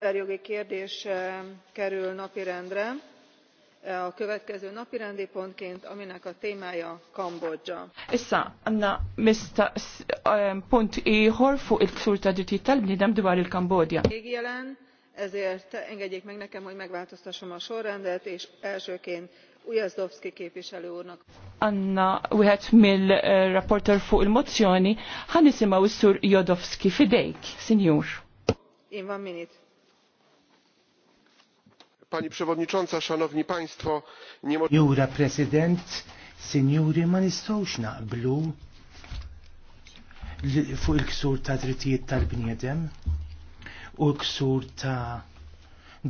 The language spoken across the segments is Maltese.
emberjogi kérdés eh, kerül napirendre eh, a következő napirendi pontként aminek a témája kambodzsa. Issa anna mista eh, pont ieħor fu il-ksur ta' drittijiet tal-bniedem il-Kambodja. Jelen, ezért engedjék meg nekem, hogy megváltoztassam a sorrendet, és elsőként Ujazdowski képviselő úrnak. Anna, wieħed mill-rapporter fuq il-mozzjoni, ħan nisimaw s-sur Jodowski fidejk, sinjur. Én van minit. Pani Przewodnicząca, Szanowni Państwo, nie mo... Jura President, Sinjuri, ma nistawx naqblu fuq il-ksur ta' drittijiet tal-bniedem u l-ksur ta'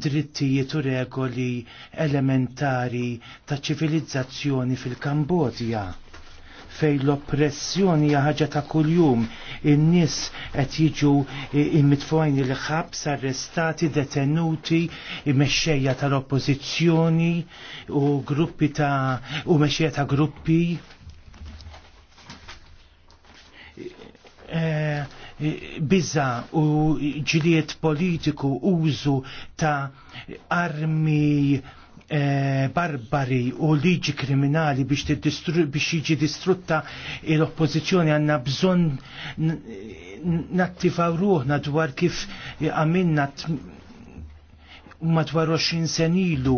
drittijiet u regoli elementari ta' ċivilizzazzjoni fil-Kambodja fej l-oppressjoni ħaġa ta' kuljum in-nies qed jiġu immitfojn il-ħabs arrestati, detenuti, mexxejja tal-oppożizzjoni u gruppi ta' u mexxejja ta' gruppi e, e, biza u ġiliet politiku użu ta' armi Eh, barbari u liġi kriminali biex jiġi distrutta l-oppozizjoni għanna bżon nattivaw ruħna dwar kif għamilna madwar 20 senilu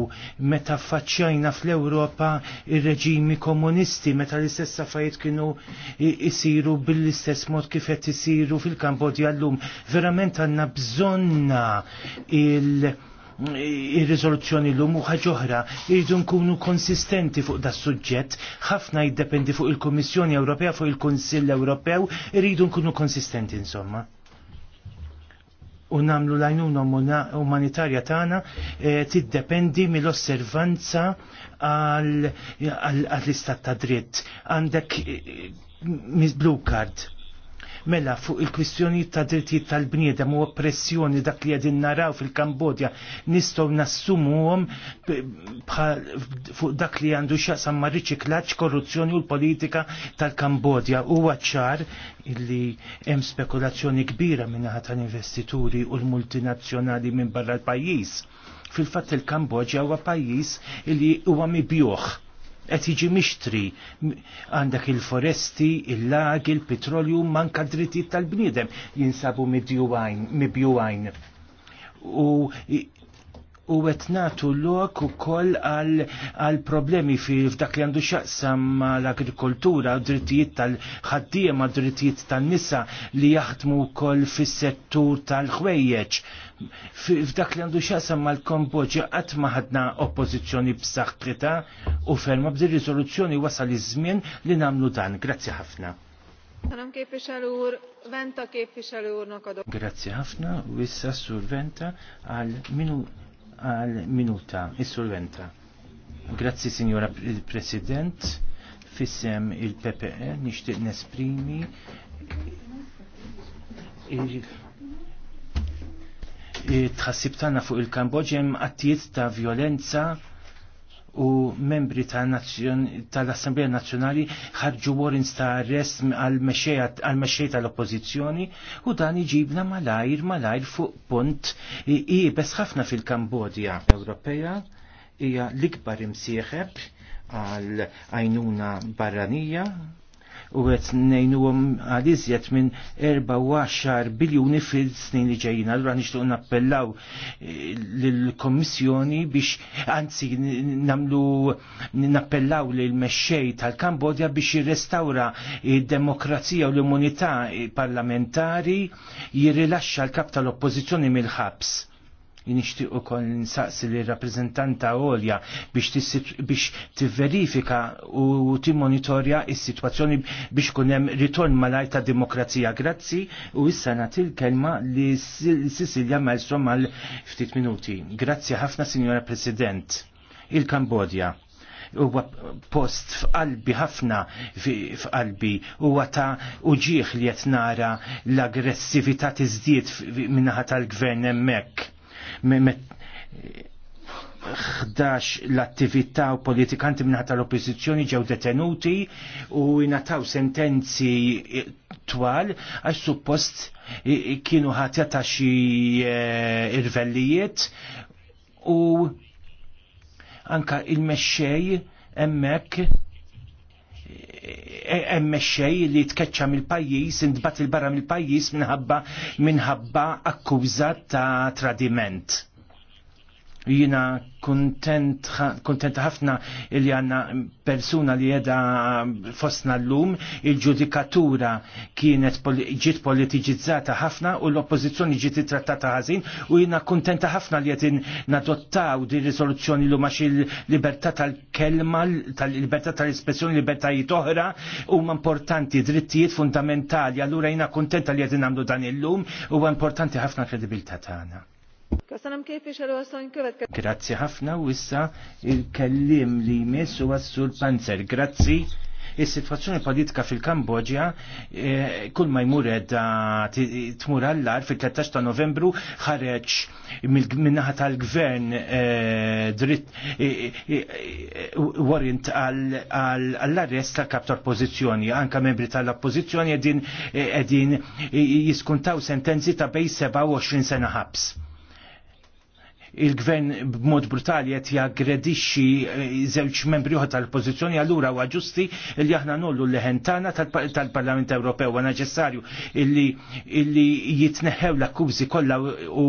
meta faċċajna fl-Ewropa ir-reġimi komunisti meta l-istess affarijiet kienu isiru bil-istess mod kif qed isiru fil-Kambodja llum. Verament għandna bżonna il- ir-riżoluzzjoni l-lum u ħaġoħra irridu nkunu konsistenti fuq da suġġett ħafna jiddependi fuq il komissjoni Ewropea fuq il-Kunsill Ewropew irridu nkunu konsistenti insomma u namlu lajnuna umanitarja tagħna eh, tiddependi mill-osservanza għall-istat ta' dritt. Għandek eh, mis blue card Mela fuq il-kwistjoni ta' drittijiet tal-bniedem u oppressjoni dak li qegħdin naraw fil-Kambodja nistgħu nassumuhom fuq dak li għandu x'jaqsam ma' riċiklaġġ, korruzzjoni u l-politika tal-Kambodja. Huwa ċar illi hemm spekulazzjoni kbira minn tal-investituri u l-multinazzjonali minn barra l-pajjiż fil-fatt il kambodja huwa pajjiż li huwa mibjuħ qed jiġi mixtri għandak il-foresti, il-lag, il-petrolju, manka drittijiet tal-bniedem jinsabu mibjuwajn. U u qed nagħtu lok ukoll għal problemi fi f'dak li għandu x'aqsam mal-agrikoltura, drittijiet tal-ħaddiema, drittijiet tan-nisa li jaħdmu wkoll fis-settur tal-ħwejjeġ. F'dak li għandu x'aqsam mal-Kambodġa qatt ma ħadna oppożizzjoni b'saħħitha u ferma b'di riżoluzzjoni wasal iż-żmien li nagħmlu dan. Grazzi ħafna. Sanam Venta Grazie ħafna, wissa sur Venta għal minu għal minuta, is Grazzi, Signora President, fissem il-PPE, nishtiq nesprimi il tħassib tagħna fuq il-Kambodġa hemm attijiet ta' violenza u membri tal-Assemblea tal Nazzjonali ħarġu warrants ta' arrest għal mexej tal-Oppożizzjoni u dan iġibna malajr malajr fuq punt ibes ħafna fil-Kambodja. Ewropea hija l-ikbar imsieħeb għal għajnuna barranija u għet għal għaliżjet minn 14 biljuni fil-snin li ġejjin. Allura nixtuq nappellaw eh, l-Komissjoni biex anzi namlu nappellaw l mexxej tal-Kambodja biex jirrestawra il demokrazija u l-immunità eh, parlamentari jirrilaxxa l-kap tal-oppożizzjoni mill-ħabs nixtieq ukoll nsaqsi li rappreżentanta għolja biex tivverifika u timmonitorja il sitwazzjoni biex kunem hemm ritorn malaj ta' demokrazija. Grazzi u issa nagħti l-kelma li Sisilja Malstrom għal ftit minuti. Grazzi ħafna Signora President. Il-Kambodja huwa post f'qalbi ħafna f'qalbi huwa ta' uġiħ li qed nara l-aggressività tiżdied minnaħat tal-gvern hemmhekk 11 l-attività u politikanti minna tal-oppozizjoni ġew detenuti u jnataw sentenzi twal għax suppost kienu ħatja ta' xi e, irvellijiet u anka il-mexxej emmek emmexxej li tkeċċa mill-pajjiż, intbat il-barra mill-pajjiż minħabba minħabba akkuża ta' tradiment jina kontent ħafna li għanna persuna li jeda fosna l-lum, il-ġudikatura kienet ġit politiġizzata ħafna u l-oppozizjoni ġit trattata ħażin u jina kontenta ħafna li jedin nadottaw di risoluzzjoni l għax il-libertà tal-kelma, tal-libertà tal-espressjoni, libertajiet oħra u importanti drittijiet fundamentali, allura jina kontenta li jedin għamdu dan il-lum u importanti ħafna kredibilità tagħna. Grazzi ħafna u issa il-kellim li jmiss u għassur panzer. Grazzi is-sitwazzjoni politika fil-Kambodġa eh, kull ma jmur edha tmur għallar fil-13 ta' novembru ħareġ minnaħa tal-gvern eh, dritt eh, warrant għall-arrest tal-kap tal-oppozizjoni, anka membri tal oppożizzjoni edin jiskuntaw sentenzi ta' bej 27 sena ħabs il-gvern b'mod brutali qed jaggredixxi eh, żewġ membri oħra tal-pożizzjoni allura huwa ġusti li aħna nollu l-leħen tagħna tal-Parlament Ewropew huwa neċessarju illi illi jitneħħew l-akkużi kollha u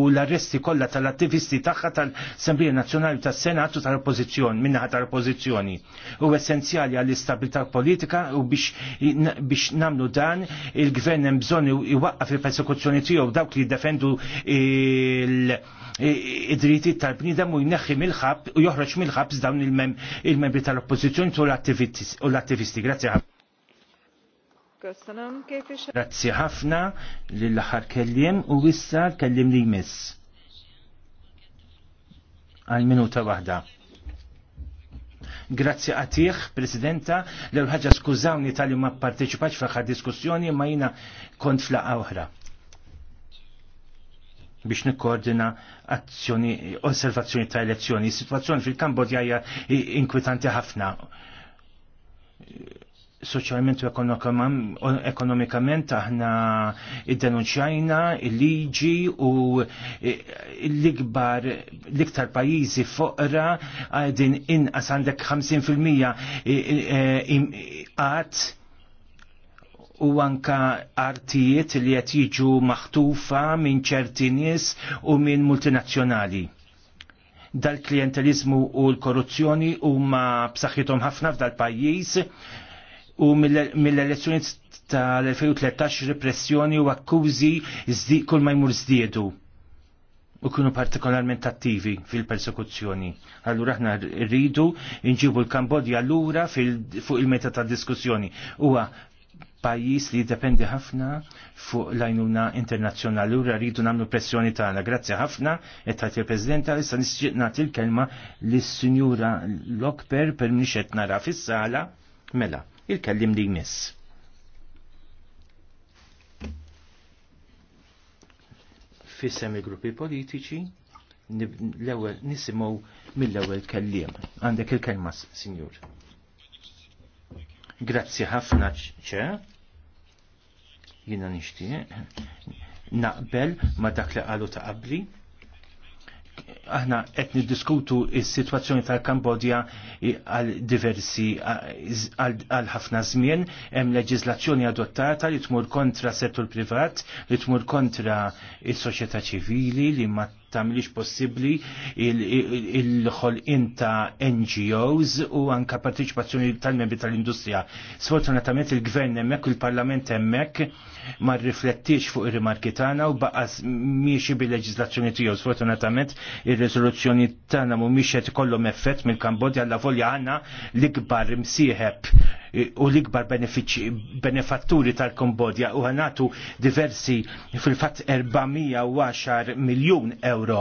l-arresti kollha tal-attivisti tagħha tal-Assemblija Nazzjonali tas-Senat u tal-Oppożizzjoni minnaħa tal-Oppożizzjoni. U essenzjali għall-istabilità politika u biex biex nagħmlu dan il-gvern hemm bżonn iwaqqaf il-persekuzzjoni tiegħu dawk li jiddefendu il-dritt drittijiet tal bnidem u jneħħi mill-ħabs u joħroġ mill-ħabs dawn il-membri tal-oppożizzjoni u l-attivisti. Grazzi ħafna. Grazzi ħafna lill-aħħar kelliem u wissa kellim li jmiss. Għal minuta waħda. Grazzi għatiħ, Presidenta, l ħaġa skużawni tal-li ma parteċipax faħħa diskussjoni ma jina kont fl oħra biex nikkoordina azzjoni, osservazzjoni ta' elezzjoni. Situazzjoni fil-Kambodja hija inkwitanti ħafna. Soċjalment u ekonomikament aħna id-denunċjajna il-liġi u l-ikbar l-iktar pajjiżi foqra għadin inqas għandek 50% għad u anka artijiet li qed jiġu maħtufa minn ċerti nies u minn multinazzjonali. Dal-klientelizmu u l-korruzzjoni huma b'saħħithom ħafna f'dal pajjiż u mill-elezzjoni tal-2013 repressjoni u akkużi kull ma jmur żdiedu u kienu partikolarment attivi fil-persekuzzjoni. Allura aħna rridu nġibu l-Kambodja allura fuq il-meta ta' diskussjoni. Huwa pajis li jiddependi ħafna fuq l ajnuna internazzjonali Ura rridu namlu pressjoni tagħna. Grazzi ħafna qed tagħti il presidenta issa nixtieq nagħti l-kelma lis-Sinjura Lokper per mhix qed nara fis-sala mela il-kellim li jmiss. Fissem il-gruppi politiċi l-ewwel nisimgħu mill-ewwel kelliem. Għandek il-kelma, Sinjur. Grazzi ħafna ċe Jina nixtieq naqbel ma dak li qalu ta' qabli aħna qed niddiskutu is-sitwazzjoni tal-Kambodja għal diversi għal ħafna żmien hemm leġiżlazzjoni adottata li tmur kontra settur privat, li tmur kontra is-soċjetà ċivili li ma tamilix possibli il-ħolqin ta' NGOs u anka partiċipazzjoni tal-membri tal-industrija. Sfortunatament il-gvern emmek u il-parlament emmek ma riflettix fuq ir-rimarki tagħna u baqas miexi bil leġizlazzjoni tiegħu. Sfortunatament ir-riżoluzzjoni tagħna mhumiex qed ikollhom effett mill-Kambodja la volja għandna l-ikbar imsieħeb Eh, u l-ikbar benefatturi tal-Kambodja u għanatu diversi fil-fat 410 miljon euro.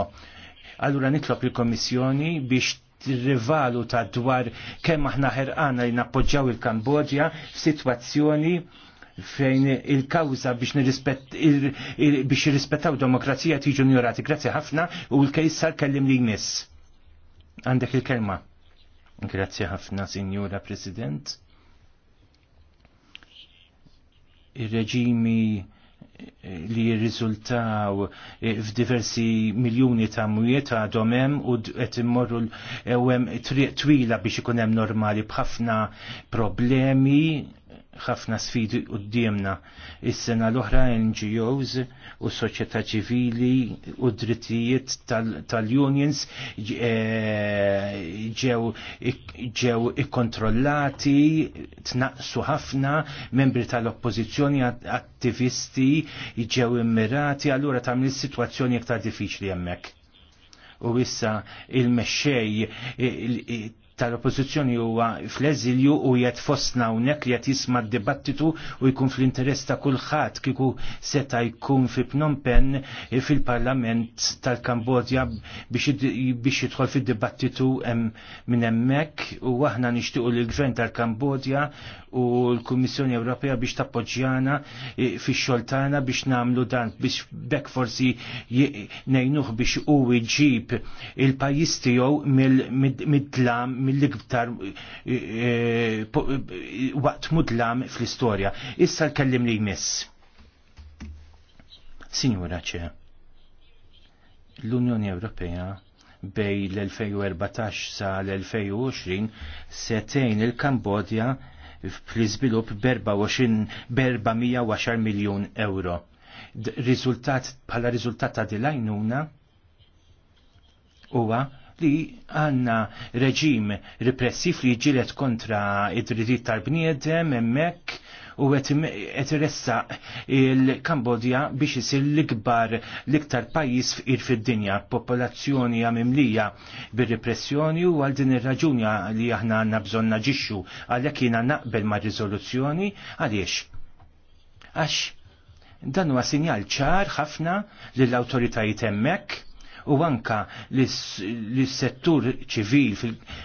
Allura nitlob il-Komissjoni biex rivalu ta' dwar kemm aħna ħerqana li nappoġġaw il-Kambodja f'sitwazzjoni fejn il-kawza biex biex irrispettaw demokrazija tiġu njorati. Grazzi ħafna u l-kejsar kellim li jmiss. Għandek il-kelma. Grazzi ħafna, Signora President ir-reġimi eh, li jirriżultaw eh, f'diversi miljuni ta' mwiet għadhom hemm u qed immorru hemm triq twila biex ikun hemm normali b'ħafna problemi ħafna sfidi qudiemna. Is-sena l-oħra NGOs u soċjetà ċivili u drittijiet tal-unions eh, ġew ikkontrollati, tnaqsu ħafna, membri tal-oppożizzjoni attivisti ġew immirati, allura tagħmel is-sitwazzjoni iktar diffiċli hemmhekk u issa il-mexxej tal-oppozizjoni huwa fl-eżilju u jgħet fostna hawnhekk li qed jisma' d-dibattitu u jkun fl-interess ta' kulħadd kieku seta' jkun fi Phnom Penh eh, fil-Parlament tal-Kambodja biex jidħol fid-dibattitu minn hemmhekk u aħna nixtiequ lill gvern tal-Kambodja u l-Kummissjoni Ewropea biex tappoġġjana eh, fix xoltana tagħna biex nagħmlu dan biex bekk forsi ngħinuh biex u jġib il-pajjiż tiegħu mill-dlam mill-iktar eh, eh, eh, waqt mudlam fl-istorja. Issa l-kellim li jmiss. Signora ċe, l-Unjoni Ewropea bej l-2014 sa l-2020 setejn il-Kambodja fl izbilup berba 410 miljon euro. Rizultat, pala rizultat ta' dilajnuna huwa li għanna reġim repressiv li ġilet kontra id-dritit tal-bniedem emmek u għet ressa il-Kambodja biex isir l-ikbar l-iktar pajis fir fid-dinja, popolazzjoni għamimlija bir-repressjoni u għal din ir-raġunja li aħna għanna bżon naġixxu għalhekk jiena naqbel ma' riżoluzzjoni għaliex. Għax dan huwa sinjal ċar ħafna lill-awtoritajiet hemmhekk u anka l-settur ċivil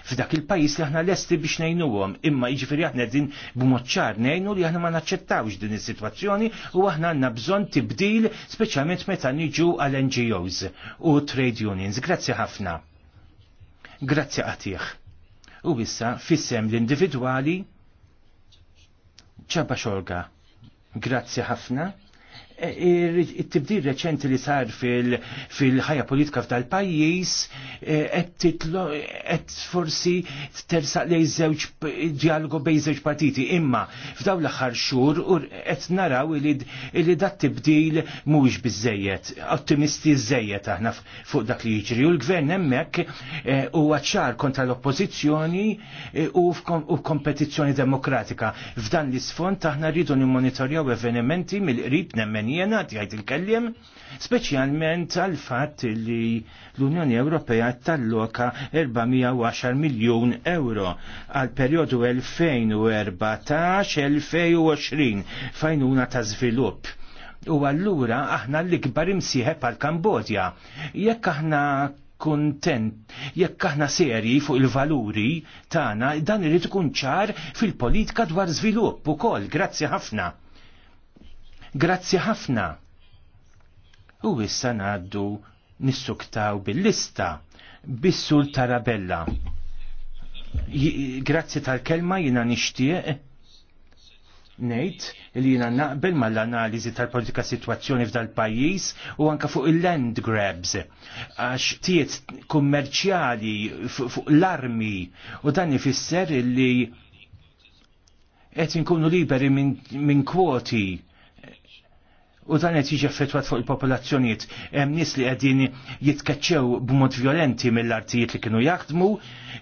f'dak il-pajis li aħna lesti biex nejnuwom, imma jiġifieri aħna din b'moċċar nejnu li aħna ma naċċettawx din is-sitwazzjoni u aħna għandna bżonn tibdil speċjalment meta niġu għal NGOs u trade unions. Grazzi ħafna. Grazzi għatih. U issa fissem l-individwali ċaba xorga. Grazzi ħafna. E, e, it-tibdil reċenti li sar fil-ħajja politika f'dal pajjiż e, qed forsi tersaq lej żewġ dialogu bejn żewġ partiti. Imma f'dawn l-aħħar xhur qed naraw li dat tibdil mhux biżejjed, ottimisti żejjed aħna fuq dak li jiġri. U l-gvern hemmhekk huwa ċar kontra l-oppożizzjoni u f'kompetizzjoni demokratika. F'dan l-isfond aħna rridu nimmonitorjaw avvenimenti mill-qrib nemmen jena għajt il-kellim, specialment għal fatt li l-Unjoni Ewropea talloka 410 miljon euro għal periodu 2014-2020 fajnuna ta' zvilup. U allura aħna l-ikbar imsieħeb għal Kambodja. Jekk aħna kontent, jekk aħna serji fuq il-valuri tagħna, dan irid ikun ċar fil-politika dwar żvilupp ukoll. Grazzi ħafna. Grazzi ħafna. U issa ngħaddu nissuktaw bil-lista bis-Sul Tarabella. Grazzi tal-kelma jina nixtieq nejt li jina naqbel mal-analizi tal-politika situazzjoni f'dal pajjiż u anka fuq il-land grabs għax tiet kummerċjali fuq l-armi u dan ifisser li qed inkunu liberi minn min kwoti u dan qed jiġi effettwat fuq il-popolazzjonijiet. Hemm nies li qegħdin jitkaċċew b'mod violenti mill-artijiet li kienu jaħdmu,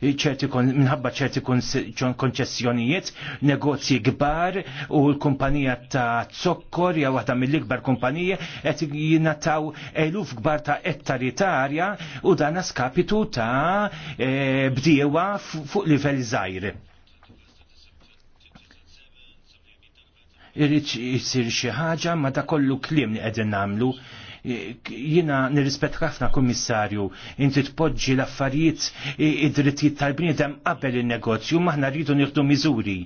minħabba ċerti konċessjonijiet, negozji kbar u l-kumpanija ta' zokkor jew waħda mill-ikbar kumpanija qed jinnataw eluf kbar ta' ettari ta' arja u dan skapitu ta' eh, bdiewa fuq livell żgħir irrit jisir xi ħaġa ma ta' kollu kliem li qegħdin nagħmlu. Jina nirrispett ħafna kummissarju, inti tpoġġi l-affarijiet id-drittijiet tal-bniedem qabel in-negozju maħna rridu nieħdu miżuri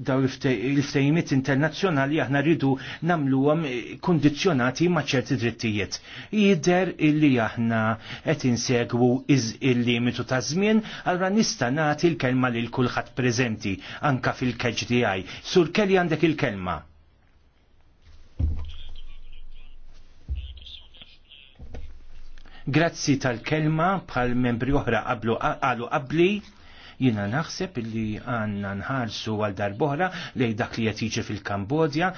daw il-ftejmiet internazzjonali aħna rridu namluhom eh, kondizzjonati ma' ċerti drittijiet. Jider illi aħna qed insegwu iż il-limitu ta' żmien għalra nista' nagħti l-kelma lil kulħadd preżenti anka fil-KGDI. Sur kelli għandek il-kelma. Grazzi tal-kelma bħal membri oħra qablu qalu qabli. Jina naħseb li għanna nħarsu għal darbohra li dak li jtiġi fil-Kambodja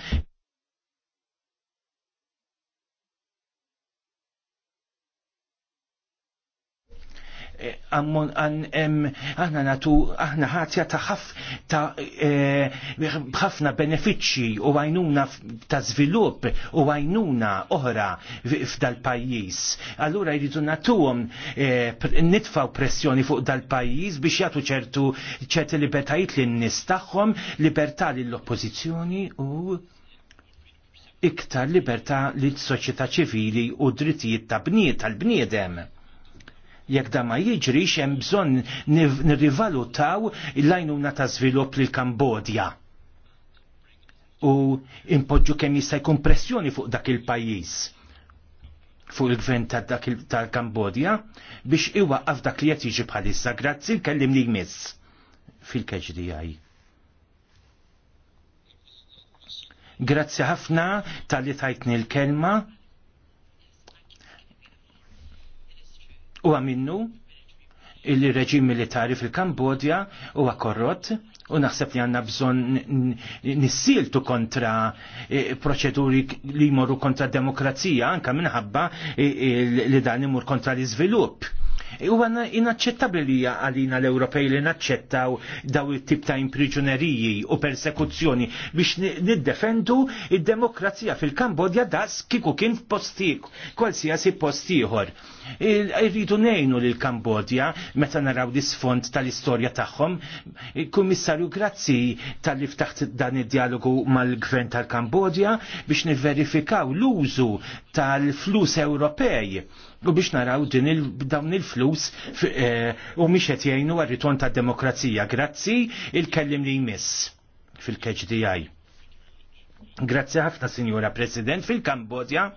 ammon aħna natu aħna ħatja ta' ħaf ta' e, ħafna benefiċċji u għajnuna ta' żvilupp u għajnuna oħra f'dal pajjiż. Allura jridu natuhom e, nitfaw pressjoni fuq dal pajjiż biex jagħtu ċertu ċerti libertajiet lin nies tagħhom, libertà lill-oppożizzjoni u iktar libertà lis soċjetà ċivili u drittijiet ta' bniet tal-bniedem. Jekk da ma jiġrix hemm bżonn nirrivalutaw l-għajnuna ta' żvilupp lil Kambodja u impoġġu kemm jista' jkun pressjoni fuq dak il-pajjiż fuq il-gvern tal-Kambodja biex iwaqqaf dak li qed jiġi bħalissa. Grazzi kellim li jmiss fil-KGDI. Grazzi ħafna tal-li tajtni l-kelma. U għaminnu il-reġim militari fil-Kambodja huwa korrott u naħseb li għanna bżon nissiltu kontra e, proċeduri li jmorru kontra demokrazija anka minħabba e, e, li dan imur kontra l-iżvilupp Huwa inaċċettabbli li għalina l-Ewropej li naċċettaw daw it-tip ta' imprigjonerijji u persekuzzjoni biex niddefendu id-demokrazija fil-Kambodja das kiku kien postik, kwalsiasi postiħor. ieħor. Irridu ngħinu l kambodja meta naraw disfond tal-istorja tagħhom. Kummissarju grazzi tal-li ftaħt dan id-dialogu mal-gvern tal-Kambodja biex niverifikaw l-użu tal-flus Ewropej u biex naraw din dawn il-flus eh, u miex qed jgħinu għar-ritorn tad-demokrazija. Grazzi il-kellim li jmiss fil-KHDI. Grazzi ħafna, Sinjora President, fil-Kambodja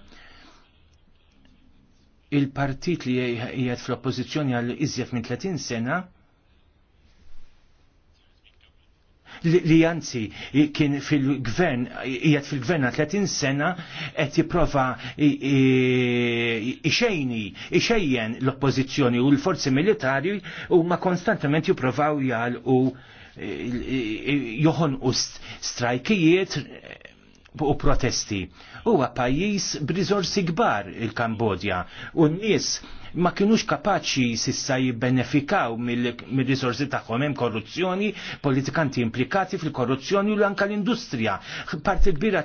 il-partit li jgħed fl-oppozizjoni għal iżjed minn 30 sena li anzi kien fil-gvern, jgħat fil-gvern 30 sena qed jipprova iċejni, iċejjen l-oppożizzjoni u l-forzi militari u ma konstantament jipprovaw jgħalqu joħon u strajkijiet u protesti. Huwa pajjiż b'riżorsi kbar il-Kambodja u n-nies ma kienux kapaċi sissa jibbenefikaw mill-risorsi tagħhom hemm korruzzjoni, politikanti implikati fil-korruzzjoni u anka l-industrija. Parti kbira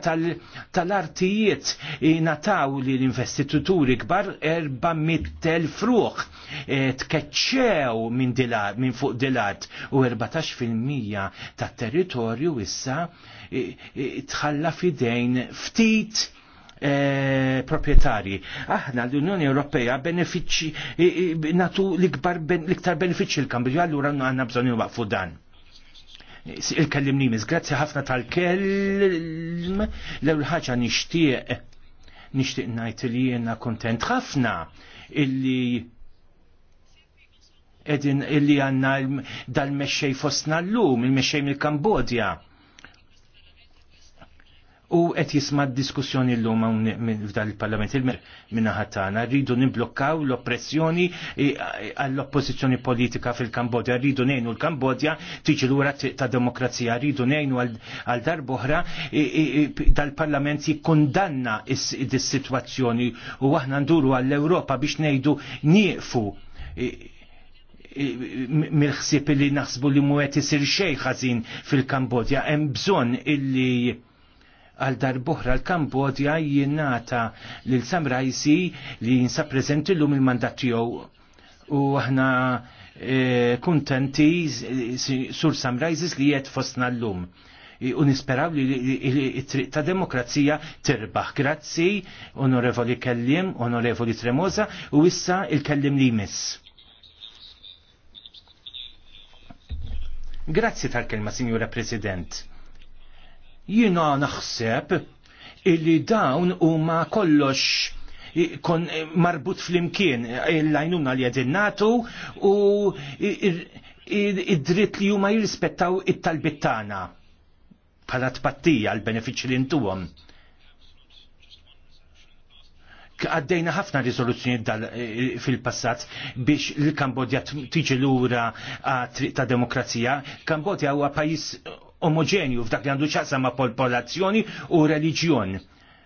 tal-artijiet nataw li l-investituturi kbar mittel fruħ e, tkeċċew minn dilar, minn fuq dilat u 14% tat-territorju issa e, e, tħalla fidejn ftit Eh, proprietari. Aħna l-Unjoni Ewropea benefiċi, natu l-ikbar l-iktar benefiċi l-Kambridġu, għallura għanna bżonn waqfu dan. Il-kellimni mis, grazzi ħafna tal-kelm, l-ħagġa nixtieq nixtieq najt li jena kontent ħafna illi edin illi għanna dal-mexxej fostna l-lum, il-mexxej mill-Kambodja u qed jisma' diskussjoni llum f'dan il-Parlament il-minaħat tagħna rridu nimblokkaw l-oppressjoni e, e, għall-oppożizzjoni politika fil-Kambodja, rridu ngħinu l-Kambodja tiġi lura ta' demokrazija, rridu ngħinu għal darb'oħra e, dal-Parlament jikkundanna dis-sitwazzjoni u aħna nduru għall-Ewropa biex ngħidu nieqfu mill-ħsieb li naħsbu li qed isir xejn ħażin fil-Kambodja, hemm bżonn illi għal darbuħra l-Kambodja jinnata lil samrajsi li jinsa prezenti l-lum il-mandat tiegħu. U aħna e, kuntenti sur samrajsis li jiet fostna l-lum. U nisperaw li il triq ta' demokrazija tirbaħ. Grazzi, onorevoli kellim, onorevoli tremoza, u issa il-kellim li jmiss. Grazzi tal-kelma, Signora President Jina naħseb illi dawn huma kollox kon marbut fl-imkien l-lajnuna li għedin natu u id-dritt li huma jirrispettaw it-talbit tagħna bħala tpattija l-benefiċċji li ntuhom għaddejna ħafna rizoluzzjoni fil-passat biex l-Kambodja tiġi lura triq ta' demokrazija. Kambodja huwa pajjiż omogenju f'dak li għandu ċaqsa ma' popolazzjoni u reliġjon.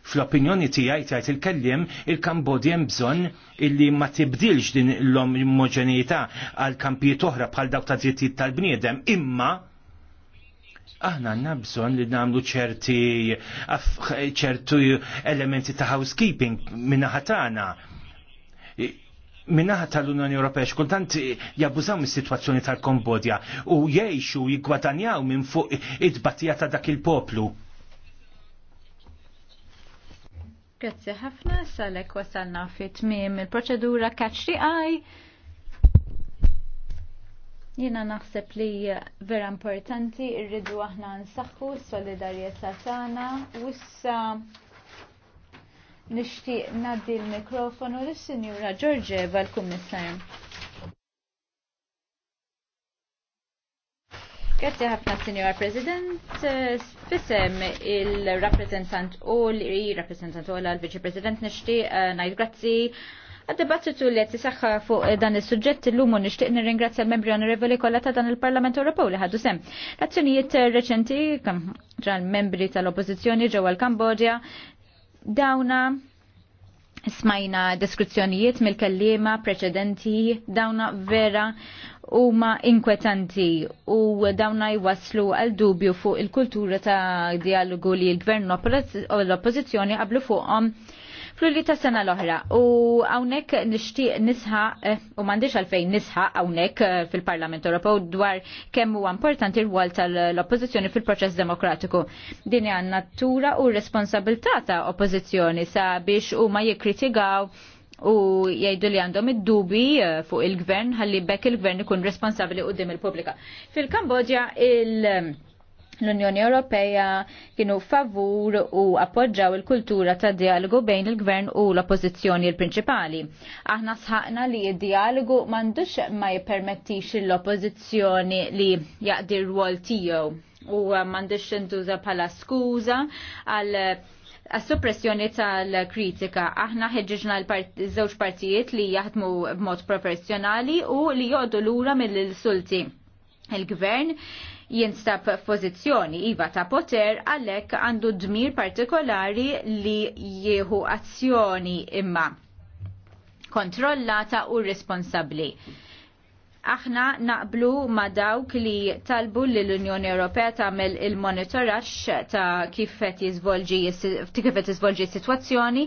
Fl-opinjoni tiegħi tajt il-kellim il-Kambodja bżonn illi ma tibdilx din l-omogenità għal kampijiet oħra bħal dawk ta' drittijiet tal-bniedem, imma aħna għanna bżon li namlu ċerti ċertu elementi ta' housekeeping minna ħatana minnaħat tal-Unjoni Ewropea xkultant jabbużaw mis-sitwazzjoni tal-Kambodja u jgħixu jigwadanjaw minn fuq id-batija ta' dak il-poplu. Grazzi ħafna, salek wasalna fit tmiem il-proċedura kaċri għaj. Jena naħseb li vera importanti irridu aħna nsaħħu s-solidarjetà tagħna u issa Nishtiq naddi l-mikrofonu l-Sinjura Giorgieva l-Kummissar. Grazie ħafna Sinjura President, fissem il-rappresentant u l-rappresentant u l-Vice President nishtiq eh, najt grazzi Għad-debattitu li għetti saħħa fuq eh, dan il-sujġett l lumu nishtiq nir nirringrazzja l-membri onorevoli kollha ta' dan il-Parlament Ewropew li ħadu sem. Azzjonijiet eh, reċenti ġal membri tal-oppozizjoni ġewwa l-Kambodja Dawna smajna deskrizzjonijiet mill-kellima preċedenti dawna vera huma inkwetanti u dawna jwaslu għal dubju fuq il-kultura ta' dialogu li l-gvern u l-oppozizjoni qablu fuqhom fl-li ta' sena l-oħra. U għawnek nishti nisħa, eh, u mandiċ għalfejn nisħa għawnek eh, fil-Parlament Ewropew dwar kemm huwa importanti r-wol tal-oppozizjoni fil-proċess demokratiku. Dini għan natura u responsabilta ta' oppozizjoni sabiex u ma jikkritigaw u jgħidu li għandhom id-dubi eh, fuq il-gvern ħalli bekk il-gvern ikun responsabli dim il-pubblika. Fil-Kambodja il-, -Kambodja, l-Unjoni Ewropea kienu favur u appoġġaw il-kultura ta' dialogu bejn il-gvern u l-oppożizzjoni l-prinċipali. Aħna sħaqna li id-dialogu m'għandux ma jippermettix l-oppożizzjoni li jaqdi wol rwol tiegħu u mandux intuża bħala skuża għal għas-suppressjoni tal-kritika. Aħna ħedġiġna l-żewġ partijiet li jaħdmu b'mod professjonali u li l lura mill-sulti. Il-gvern jinstab f'pożizzjoni iva ta' poter għalhekk għandu dmir partikolari li jieħu azzjoni imma kontrollata u responsabbli. Aħna naqblu ma dawk li talbu li l-Unjoni Ewropea tagħmel il monitorax ta' kif qed jiżvolġi kif iżvolġi s-sitwazzjoni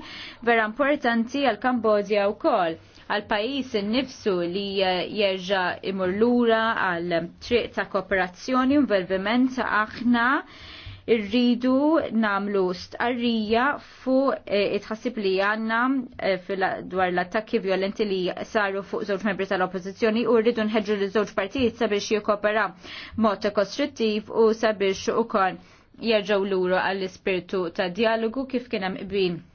vera importanti għal Kambodja wkoll għal pajis innifsu li eh, jerġa imur lura għal triq ta' kooperazzjoni involviment aħna irridu namlu stqarrija fuq eh, it-ħassib li għanna eh, dwar l-attakki violenti li saru fuq żewġ membri tal-oppozizjoni u rridu nħedġu li żewġ partijiet sabiex jikopera mot kostruttiv u sabiex ukoll jerġgħu lura għall-ispirtu ta' dialogu kif kien hemm qbin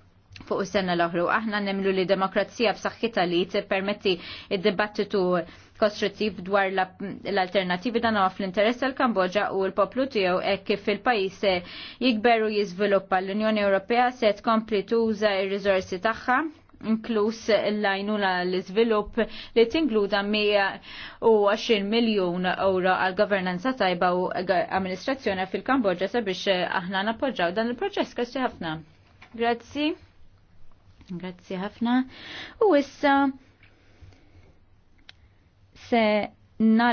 fuq is-sena l-oħru. Aħna nemlu li demokrazija b'saħħitha li tippermetti id-dibattitu kostruttiv dwar l-alternativi dan huwa fl-interess tal-Kambodġa u l-poplu tiegħu hekk kif il-pajjiż se jikberu jiżviluppa l-Unjoni Ewropea se tkompli tuża r-riżorsi tagħha inkluż l-għajnuna l-izvilupp li tingluda 120 miljon euro għal governanza tajba u amministrazzjoni fil-Kambodġa sabiex aħna nappoġġaw dan il-proċess kassi ħafna. Grazzi. Grazzi ħafna. U issa se nal